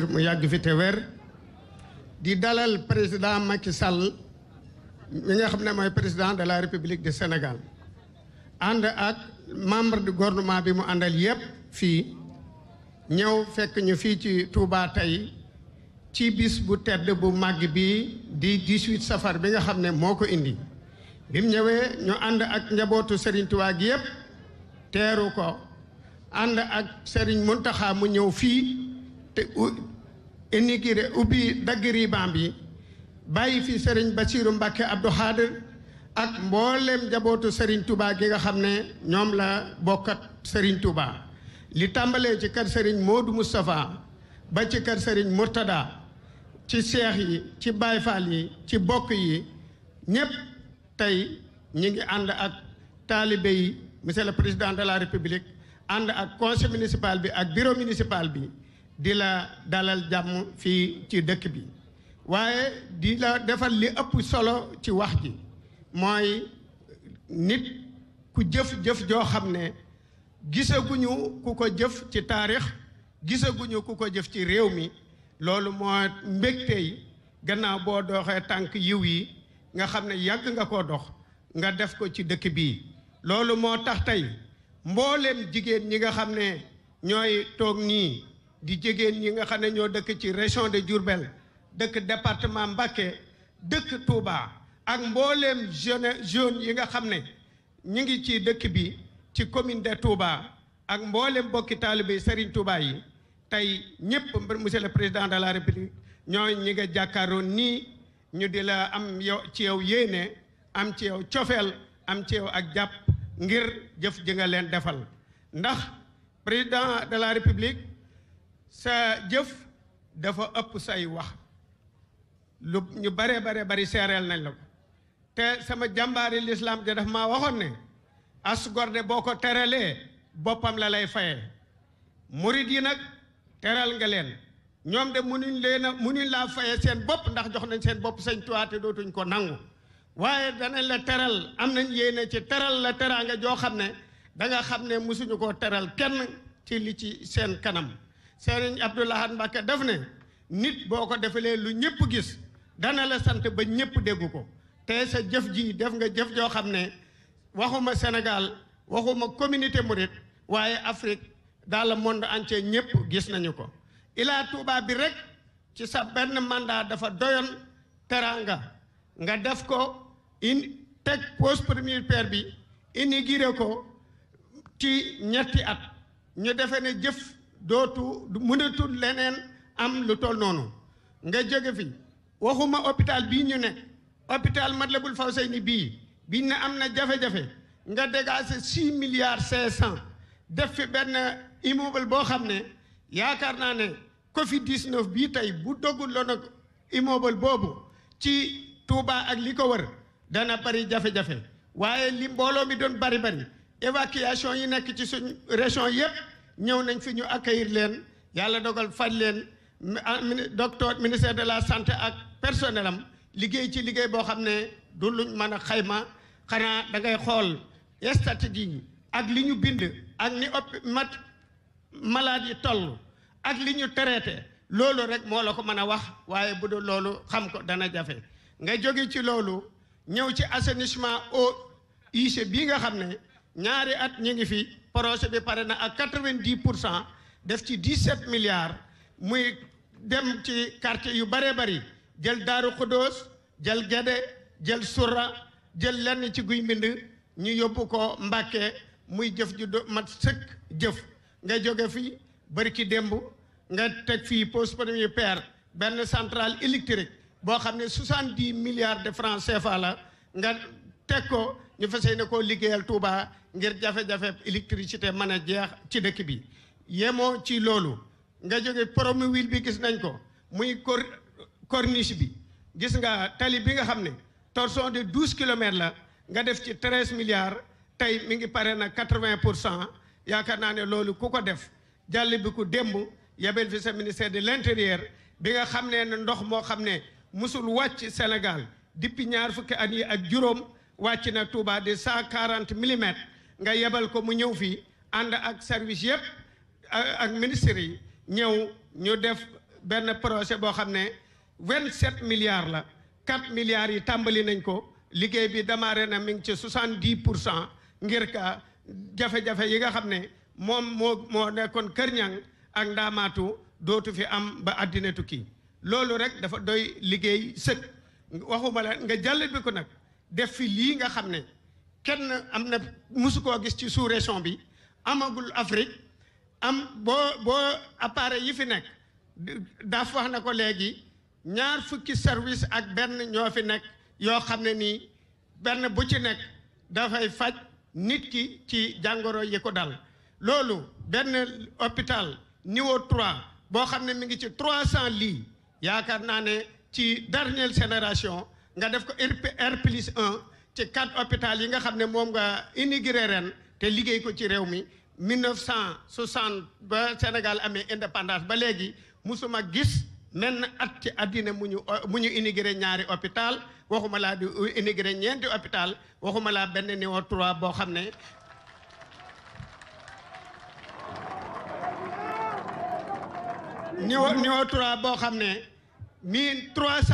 mu yàgg fi te wér di dalal président Macky Sall mi nga xam ne mooy président de la République de Sénégal ànd ak membre de gouvernement bi mu àndal yépp fii ñëw fekk ñu fii ci Touba tey ci bis bu tedd bu màgg bi di 18 safar bi nga xam ne moo ko indi bi ñëwee ñu ànd ak njabootu Serigne Touba gi yépp teeru ko ànd ak Serigne Mountakha mu ñëw fii te iniguré ubbi dagg ribaam bi bàyyi fi Serigne Bassirou Mbacké Abdou Khadir ak mboolem njabootu Serigne Touba gi nga xam ne ñoom la bokkat Serigne Touba li tàmbalee ci kër Serigne Modou Moustapha ba ci kër Serigne Mourtada ci seex yi ci Baye Fall yi ci bokk yi ñépp tey ñu ngi ànd ak taalibe yi monsieur le président de la république ànd ak conseil municipal bi ak bureau municipal bi di la dalal jàmm fii ci dëkk bi waaye di la defal li ëpp solo ci wax ji mooy nit ku jëf-jëf joo xam ne gisaguñu ku ko jëf ci taarix gisaguñu ku ko jëf ci réew mi loolu moo mbégte yi gannaaw boo doxee tànk yiw yi nga xam ne yàgg nga ko dox nga def ko ci dëkk bii loolu moo tax tey mboolem jigéen ñi nga xam ne ñooy toog nii di jigéen ñi nga xam ne ñoo dëkk ci région de Diourbel dëkk département Mbacké dëkk Touba ak mbooleem jeune jeune yi nga xam ne ñi ngi ci dëkk bi ci commune de Touba ak mbooleem bokki taalibe Serigne Touba yi tey ñëpp monsieur le président de la république ñoo ñi nga jàkkaaroon nii ñu di la am yow ci yow yéene am ci yow cofeel am ci yow ak jàpp ngir jëf ji leen defal ndax président de la république sa jëf dafa ëpp say wax lu ñu bare bare bari seereel nañ la ko te sama jàmbaari lislaam ja daf maa waxoon ne as gorde boo ko teralee boppam la lay faye murit yi nag teral nga leen ñoom de munuñ leen a munuñ laa fayee seen bopp ndax jox nañ seen bopp sañ tuwaate dootuñ ko nangu waaye danañ la teral am nañ yéene ci teral la teraanga joo xam ne danga xam ne mosuñu koo teral kenn ci li ci seen kanam Serigne Abdou Lahad Mbacké def ne nit boo ko defalee lu ñëpp gis dana la sant ba ñëpp déggu ko te sa jëf ji def nga jëf joo xam ne waxuma Sénégal waxuma communauté mouride waaye Afrique dans le monde entier ñëpp gis nañu ko Ila Touba bi rek ci sa benn mandat dafa doyoon teranga nga def ko in teg pose première pierre bi inauguré ko ci ñetti at ñu defe ne jëf dootu mënatul leneen am lu toll noonu nga jóge fi waxuma hôpital bii ñu nekk hôpital Matlaboul Fawzayni bii biñ ne am na jafe-jafe nga dégager six milliards cinq cent def fi benn immeuble boo xam ne yaakaar naa ne Covid 19 bii tey bu doggul loon ak immeuble boobu ci Touba ak li ko wër dana bari jafe-jafe waaye li mbooloo mi doon bari bari évacuation yi nekk ci suñ région yépp ñëw nañ fi ñu accueillir leen yàlla dogal faj leen ah, docteur ministère de la santé ak personnel am liggéey ci liggéey boo xam ne du luñ mën a xayma xanaa da ngay xool statut yi ak li ñu bind ak ni op mat malade yi toll ak li ñu traité loolu rek moo la ko mën a wax waaye bu dul loolu xam ko dana jafe nga jóge ci loolu ñëw ci assainissement eau usée bii nga xam ne ñaari at ñu ngi fi projet bi pare na ak quatre-vingt-dix pour cent def ci dix-sept milliards muy dem ci quartier yu bëree bëri jël Daaru Xudoos jël Gede jël Surra jël lenn ci guy mbind ñu yóbbu ko Mbàkke muy jëf ju mat sëkk jëf nga jóge fi bëri ki démb nga teg fii poste premier père benn centrale électrique boo xam ne soixante-dix milliards de francs CFA la nga teg ko ñu fas yéene koo liggéeyal Touba ngir jafe-jafe électricité mën a jeex ci ndëkk bi yemoo ci loolu nga jóge Promoville bi gis nañ ko muy cor corniche bi gis nga tali bi nga xam ne torsion de douze kilomètres la nga def ci treize milliards tey mi ngi pare na quatre-vingt pour cent yaakaar naa ne loolu ku ko def jàll bi ku démb yabel fi sa ministère de l'intérieur bi nga xam ne ne ndox moo xam ne musul wàcc Sénégal depuis ñaar fukki at yi ak juróom wàcc na Touba de cent quarante millimètres nga yebal ko mu ñëw fii ànd ak service yëpp ak ministre yi ñëw ñu def benn projet boo xam ne vingt-sept milliards la quatre milliards yi tàmbali nañ ko liggéey bi démarré na mi ngi ci soixante-dix pour cent ngir ka jafe-jafe yi nga xam ne moom moo moo nekkoon Kër Ñang ak ndaamaatu dootu fi am ba àddinatu kii loolu rek dafa doy liggéey sëkk waxuma la nga jàll bi ko nag def fi lii nga xam ne kenn am na musu koo gis ci sous région bi amagul Afrique am boo boo appareil yi fi nekk daaf wax na ko léegi ñaar fukki service ak benn ñoo fi nekk yoo xam ne nii benn bu ci nekk dafay faj nit ki ci jàngoro yi ko dal loolu benn hôpital niveau 3 boo xam ne mi ngi ci 300 lits yaakaar naa ne ci dernière génération nga def ko R plus 1 ci quatre hôpital yi nga xam ne moom nga inauguré ren te liggéey ko ci réew mi 1960 ba Sénégal amee indépendance ba léegi musuma gis menn at ci àddina mu ñu mu ñaari hôpital waxuma laa di ñeenti hôpital waxuma benn niveau 3 boo xam ne niveau niveau boo xam ne mille trois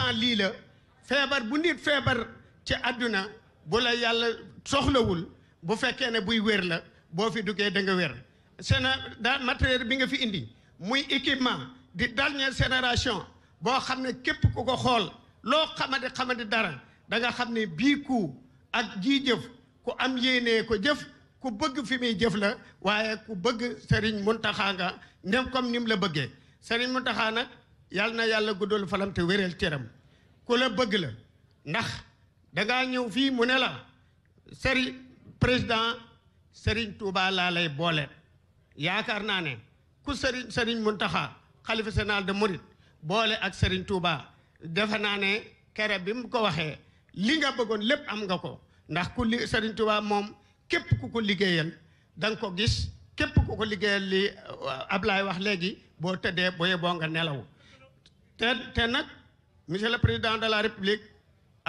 feebar bu nit feebar ci àdduna bu la yàlla soxlawul bu fekkee ne buy wér la boo fi duggee da nga wér seen daal matériel bi nga fi indi muy équipement di dernière sénération boo xam ne képp ku ko xool loo xamante xamante dara da nga xam ne bii ku ak jii jëf ku am yéenee ko jëf ku bëgg fi muy jëf la waaye ku bëgg Serigne Mountakha nga nem comme ni mu la bëggee Serigne Mountakha nag yàlla na yàlla guddal falam te wéral cëram ku la bëgg la ndax dangaa ñëw fii mu ne la sëriñ président sëriñ Touba laa lay boole yaakaar naa ne ku sëriñ sëriñ Muntaxa xalifa général de Mouride boole ak sëriñ Touba defe naa ne kere bi mu ko waxee li nga bëggoon lépp am nga ko ndax ku li sëriñ moom képp ku ko liggéeyal danga ko gis képp ku ko liggéeyal li uh, Ablaye wax léegi boo tëddee booyee boo nga nelaw te te nag monsieur le président de la république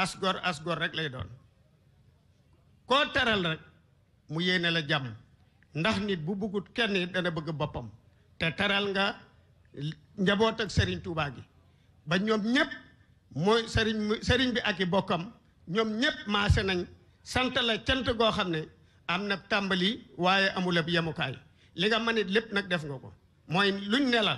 asgor asgor rek lay doon koo teral rek mu yéene la jàmm ndax nit bu bëggut kenn dana bëgg boppam te teral nga njaboot ak sëriñ Tuubaa gi ba ñoom ñëpp mooy sëriñ sëriñ bi ak i bokkam ñoom ñëpp maase nañ sant la cant goo xam ne am na tàmbali waaye amul ab yemukaay li nga mën lépp nag def nga ko mooy luñ ne la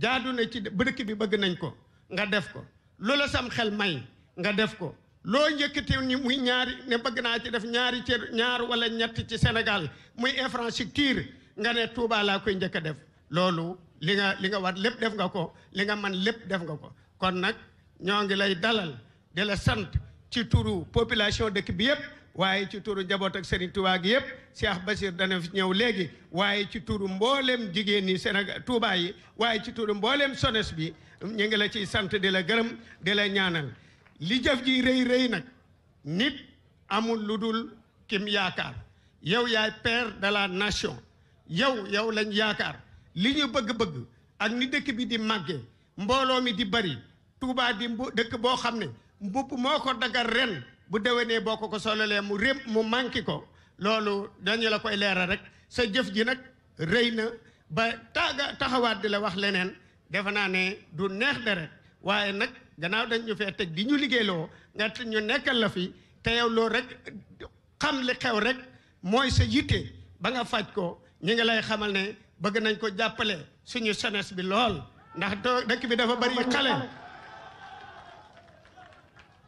jaadu na ci dëkk bi bëgg nañ ko nga def ko lu la xel may nga def ko loo njëkkati ni muy ñaari ne bëgg naa ci def ñaari ci ñaar wala ñett ci Sénégal muy infrastructure nga ne Touba laa koy njëkk a def loolu li nga li nga war lépp def nga ko li nga man lépp def nga ko kon nag ñoo ngi lay dalal di sant ci turu population dëkk bi yëpp waaye ci turu njaboot ak Serigne Touba gi yëpp Cheikh Basir dana fi ñëw léegi waaye ci turu mboolem jigéen ñi Sénégal Touba yi waaye ci turu mbooleem SONES bi ñu ngi la ciy sant di la gërëm di la li jëf ji rëy rëy nag nit amul lu dul kim yaakaar yow yaay père de la nation yow yow lañ yaakaar li ñu bëgg-bëgg ak ni dëkk bi di màggee mbooloo mi di bari Touba di dëkk boo xam ne mbubb moo ko dagar ren bu déwénee boo ko ko sololee mu rém mu manqué ko loolu dañu la koy leeral rek sa jëf ji nag rëy na ba taaga taxawaat di la wax leneen defe naa ne du neex deret waaye nag gannaaw dañ ñu fee teg di ñu liggéeyloo nga ñu nekkal la fi te yow loolu rek xam li xew rek mooy sa yitte ba nga faj ko ñu ngi lay xamal ne bëgg nañ ko jàppale suñu senes bi lool ndax dëkk bi dafa bari xale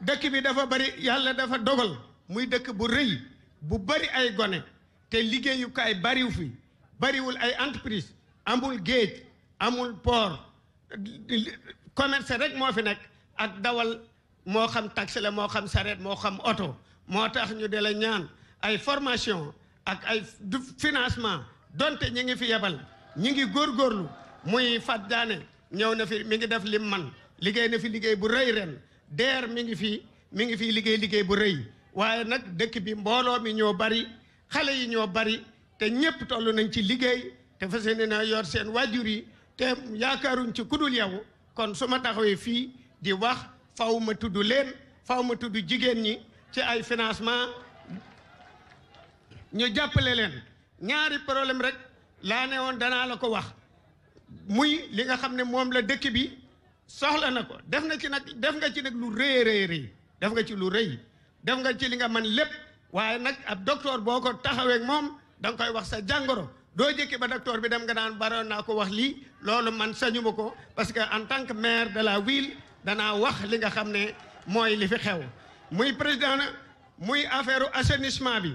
dëkk bi dafa bari yàlla dafa dogal muy dëkk bu rëy bu bari ay gone te liggéeyukaay bariw fi bariwul ay entreprise amul géej amul port commerce rek moo fi nekk ak dawal moo xam taxi moo xam sareet moo xam oto moo tax ñu de ñaan ay formation ak ay financement donte ñi ngi fi yebal ñi ngi góorgóorlu muy Fat Diané ñëw na fi mi ngi def lim man liggéey na fi liggéey bu rëy ren deer mi ngi fi mi ngi fi liggéey liggéey bu rëy waaye nag dëkk bi mbooloo mi ñoo bari xale yi ñoo bari te ñëpp toll nañ ci liggéey te fas yéene na yor seen waajur yi te yaakaaruñ ci kudul yow kon su taxawee fii di wax faw ma tuddu len faw ma tuddu jigen ñi ci ay financement ñu jappalé len ñaari problème rek la néwon dana la ko wax muy li nga xamné mom la dëkk bi soxla na def na ci nak def nga ci nak lu reey reey reey def nga ci lu reey def nga ci li nga man lepp waye nak ab docteur boko taxawé mom moom da koy wax sa jangoro do jekki ba docteur bi dem nga nan baron nako wax li lolu man sañuma parce que en tant que maire de la ville dana wax li nga xamne moy li fi xew muy president na muy affaireu assainissement bi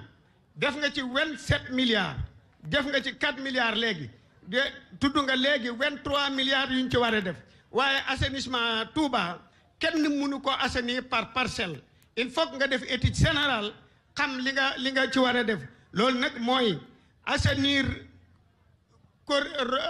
def nga ci 27 milliards def nga ci 4 milliards léegi de tuddu nga léegi 23 milliards yuñ ci war def waye assainissement Touba kenn mënu ko assainir par parcelle il faut nga def étude générale xam li nga li nga ci war def loolu nak moy assainir cor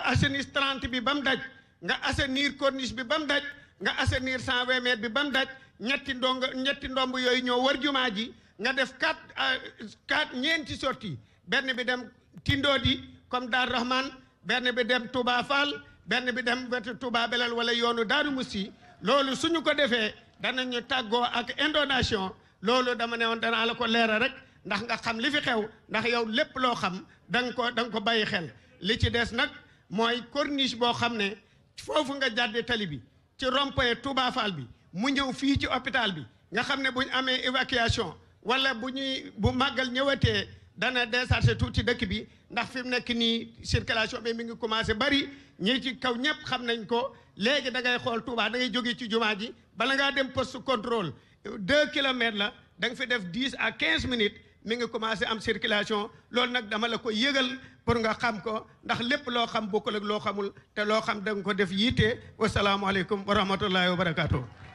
assainir 30 bi bam daj nga assainir corniche bi bam daj nga assenir cent vingt mètres bi ba mu ñetti ndong ñetti ndomb yooyu ñoo war jumaa ji nga def quatre euh, quatre ñeenti sortie benn bi dem Tindoodi comme Daar Rahman benn bi dem Touba Fall benn bi dem wetu Touba Belal wala yoonu Daaru Musi loolu suñu ko defee danañu tàggoo ak indonation loolu dama ne woon danaa la ko leeral rek ndax nga xam li fi xew ndax yow lépp loo xam da nga ko da nga ko bàyyi xel li ci des nag mooy corniche boo xam ne foofu nga jàdde tali bi ci rond-point bi mu ñëw fii ci hôpital bi nga xam ne bu ñu amee évacuation wala bu ñuy bu màggal ñëwatee dana décharger tuuti dëkk bi ndax fi mu nekk nii circulation bi mi ngi commencé bari ñi ci kaw ñëpp xam nañ ko léegi dangay xool Touba da ngay jóge ci jumaa ji bala ngaa dem poste contrôle deux kilomètres la da nga fi def dix à quinze minutes. mi ngi commencé am circulation loolu nag dama la ko yëgal pour nga xam ko ndax lépp loo xam boko ak loo xamul te loo xam da ko def yiite wasalaamualeykum wa rahmatullahi wa barakaatu.